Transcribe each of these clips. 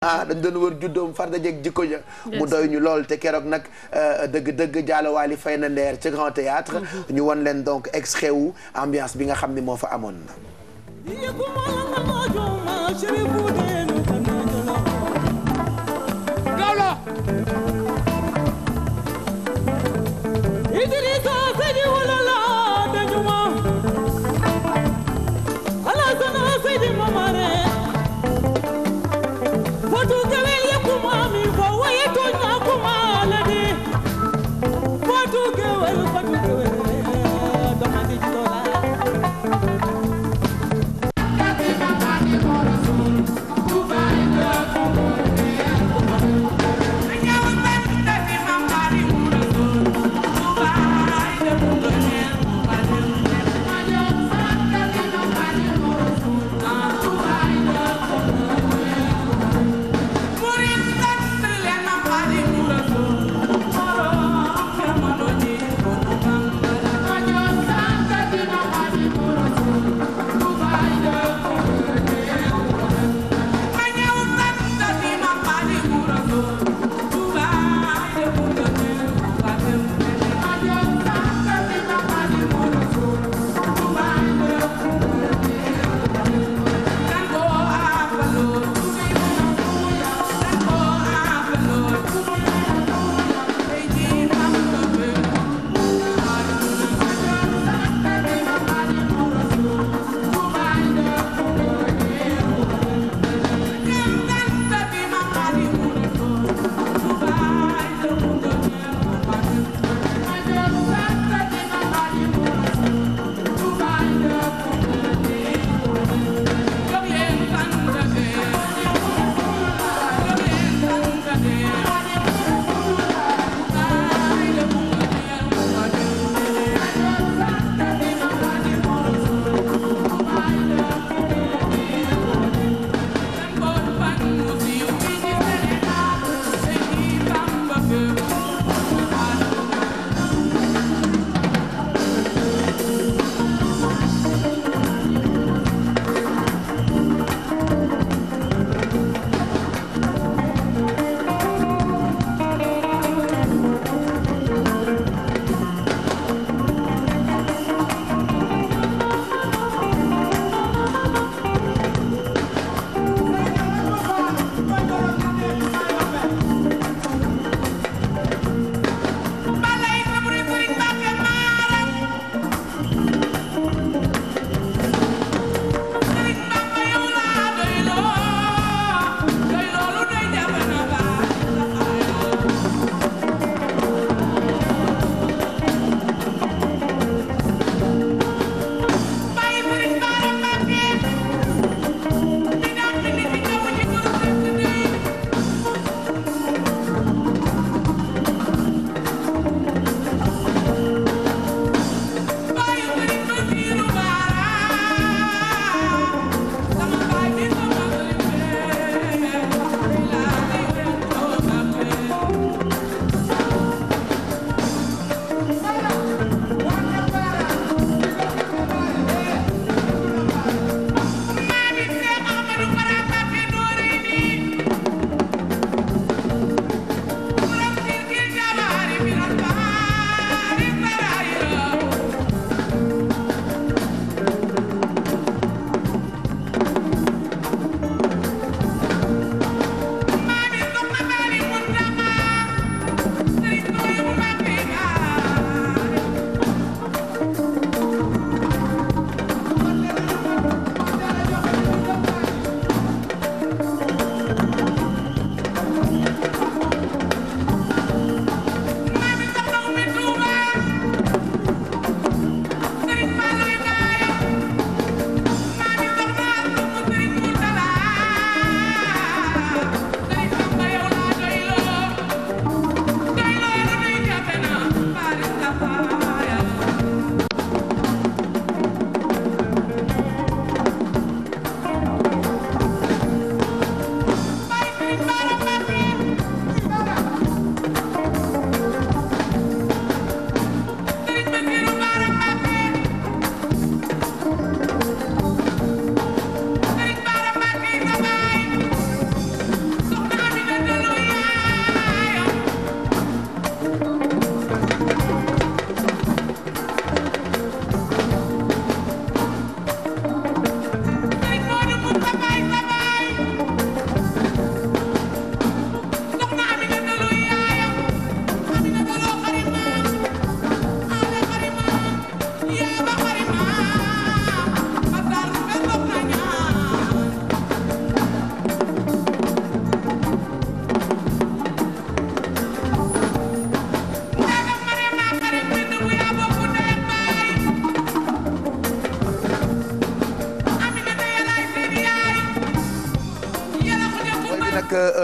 ah dañ doon wër juddoom da jeg jikko ja mu doy ñu lool te keroog nag euh, dëgg-dëgg jaalowaali fay na ndeer ci grand théâtre mm-hmm. ñu won leen donc extrait wu ambiance bi nga xam ni moo fa amoon na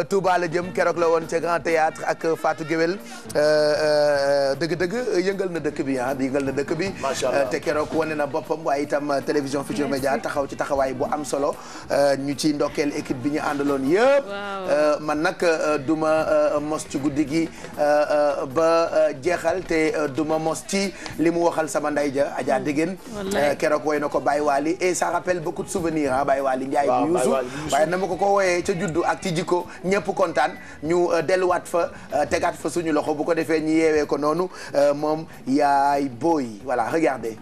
Touba la jëm keroog la woon ca Grand Théâtre ak Fatou Guewel euh, euh, dëgg-dëgg yëngal na dëkk bi ah yëngal na dëkk bi. Euh, te keroog wane na boppam waaye itam télévision Futurs Médias taxaw ci taxawaay bu am solo ñu ci ndokkeel équipe bi ñu àndaloon yëpp. man nag du ma mos ci guddi gi ba jeexal te du ma mos ci li mu waxal sama nday ja Adja hmm. Degen. keroog woy na ko Baye waali et ça rappelle beaucoup de souvenirs ah Baye Waly Ndiaye bu Youssou waaye na ma ko ko wooyee ca juddu ak ci jikko ñëpp kontaan ñu euh, delluwaat fa euh, tegaat fa suñu loxo bu ko defee ñu yeewee ko noonu euh, moom yaay booy voilà regardez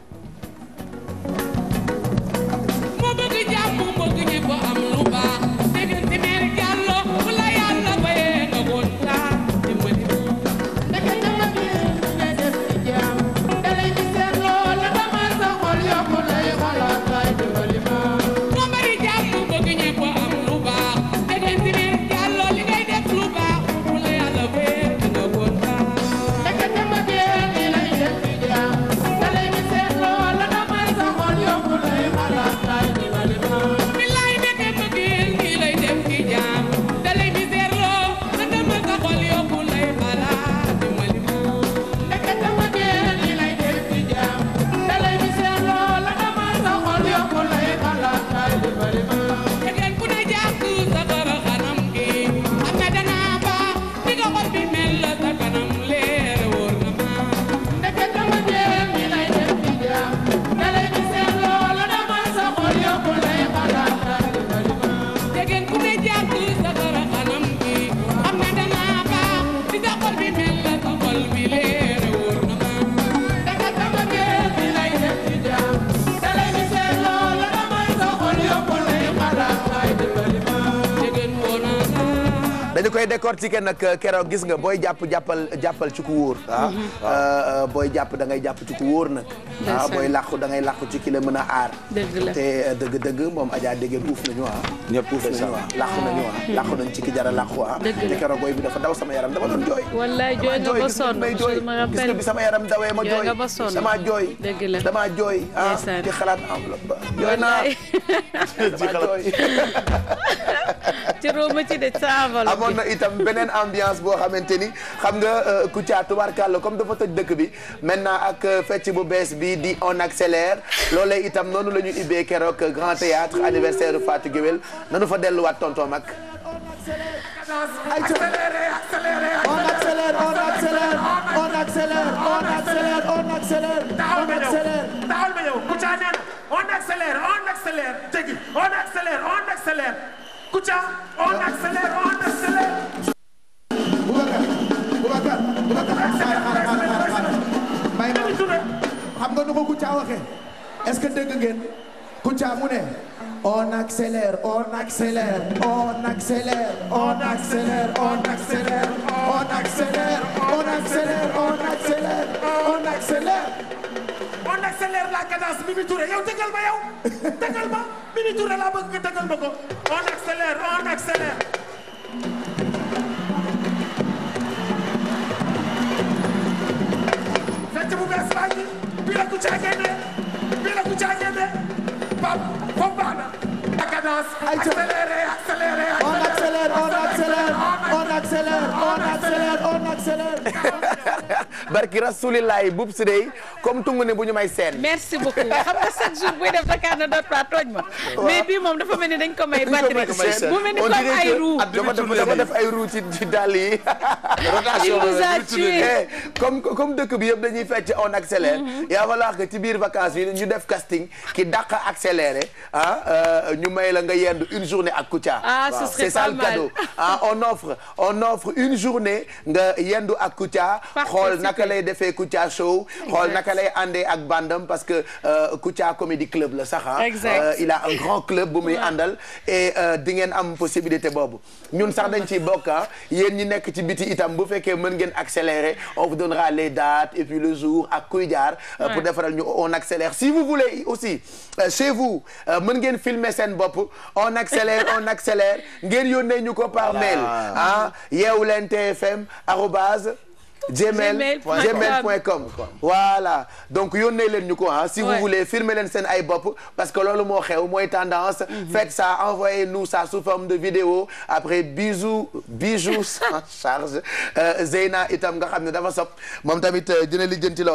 koy décortiquer nag euh, keroog gis nga booy jàpp jàppal jàppal ci ku wóor ah mhm. euh, euh, booy jàpp da ngay jàpp ci ku wóor nag ah booy làqu da ngay làqu ci ki la mën a aar te dëgg-dëgg moom ajaa déggeen uuf nañu ah ñëpp uuf nañu ah làqu nañu ah mhm. làqu nañ ci ki jara làqu ah te keroog booy bi dafa daw sama yaram dama doon jooy wallaay jooy nga ba sonn may jooy gis nga bi sama yaram dawee ma jooy damaa jooy damaa jooy ah di xalaat enveloppe ba jooy naa ci xalaat cëroo ma ci de saavalo amoon itam beneen ambiance boo xamante ni xam nga Kouthia tubaarkàlla comme dafa tëj dëkk bi maintenant ak fecc bu bees bi di on accélère loolee itam noonu la ñu ubbee keroog grand théâtre anniversaire Fatou Guewel nanu fa delluwaat tonton mag on accélère on accélère Kouthia on accélère on accélère. Boubacar may xam nga nu ko Kouthia waxee est-ce que dégg ngeen mu ne on accélère on accélère on accélère on accélère on accélère on accélère on accélère on accélère on accélère on accélère la cadence Mimi Touré yow tëggal ma yow tëggal ma Mimi Touré laa bëgg nga tëggal ma ko on accélère on accélère. fecc bu bees baa ngi bii la ku caagee de bii la ku caagee de Pape foofu baax na. la cadence accéléré accéléré accéléré on accélère on accélère on accélère on accélère on accélère. barki rasulillahi bub si day comme tungu ne bu ñu may seen merci beaucoup xam nga chaque jour buy def Dakar ne doot pas tooñ ma mais bii moom dafa mel ni dañ ko may batterie bu mel ni comme ay roue dafa def ay roue ci ci dàll yi eh, comme dëkk bi yëpp dañuy fecc on accélère yaa mm-hmm. falaax que ci biir vacances ñu def casting ki dàq accéléré ah euh, ñu may la nga yendu une journée ak Kouthia ah, c'est ça le cadeau ah on offre on offre une journée nga yendu ak Kouthia xool naka lay defee Kouthia Show xool naka lay àndee ak bandam parce que euh, Kouthia Comedy Club la sax ah euh, il a un grand club bu muy àndal e di ngeen am possibilité boobu ñun sax dañ ci bokk ah. yéen ñi nekk ci biti itam bu fekkee mën ngeen accélérer on vous donnera les dates et puis le jour ak kuy jaar pour defaral ñu on accélère si vous voulez aussi chez vous mën ngeen filmer seen bopp on accélère on accélère ngeen yónnee ñu ko par mail ah yeewuleen tfm arobase gmail gmail point com voilà donc yónnee leen ñu ko ah si vous voulez filmer leen seen ay bopp parce que loolu moo xew mooy tendance mhm. faites ça envoyez nous ça sous forme de vidéo après bijou bijou sans charge euh, Zeyna itam nga xam ne dafa sopp moom tamit euh, dina lijjanti loolu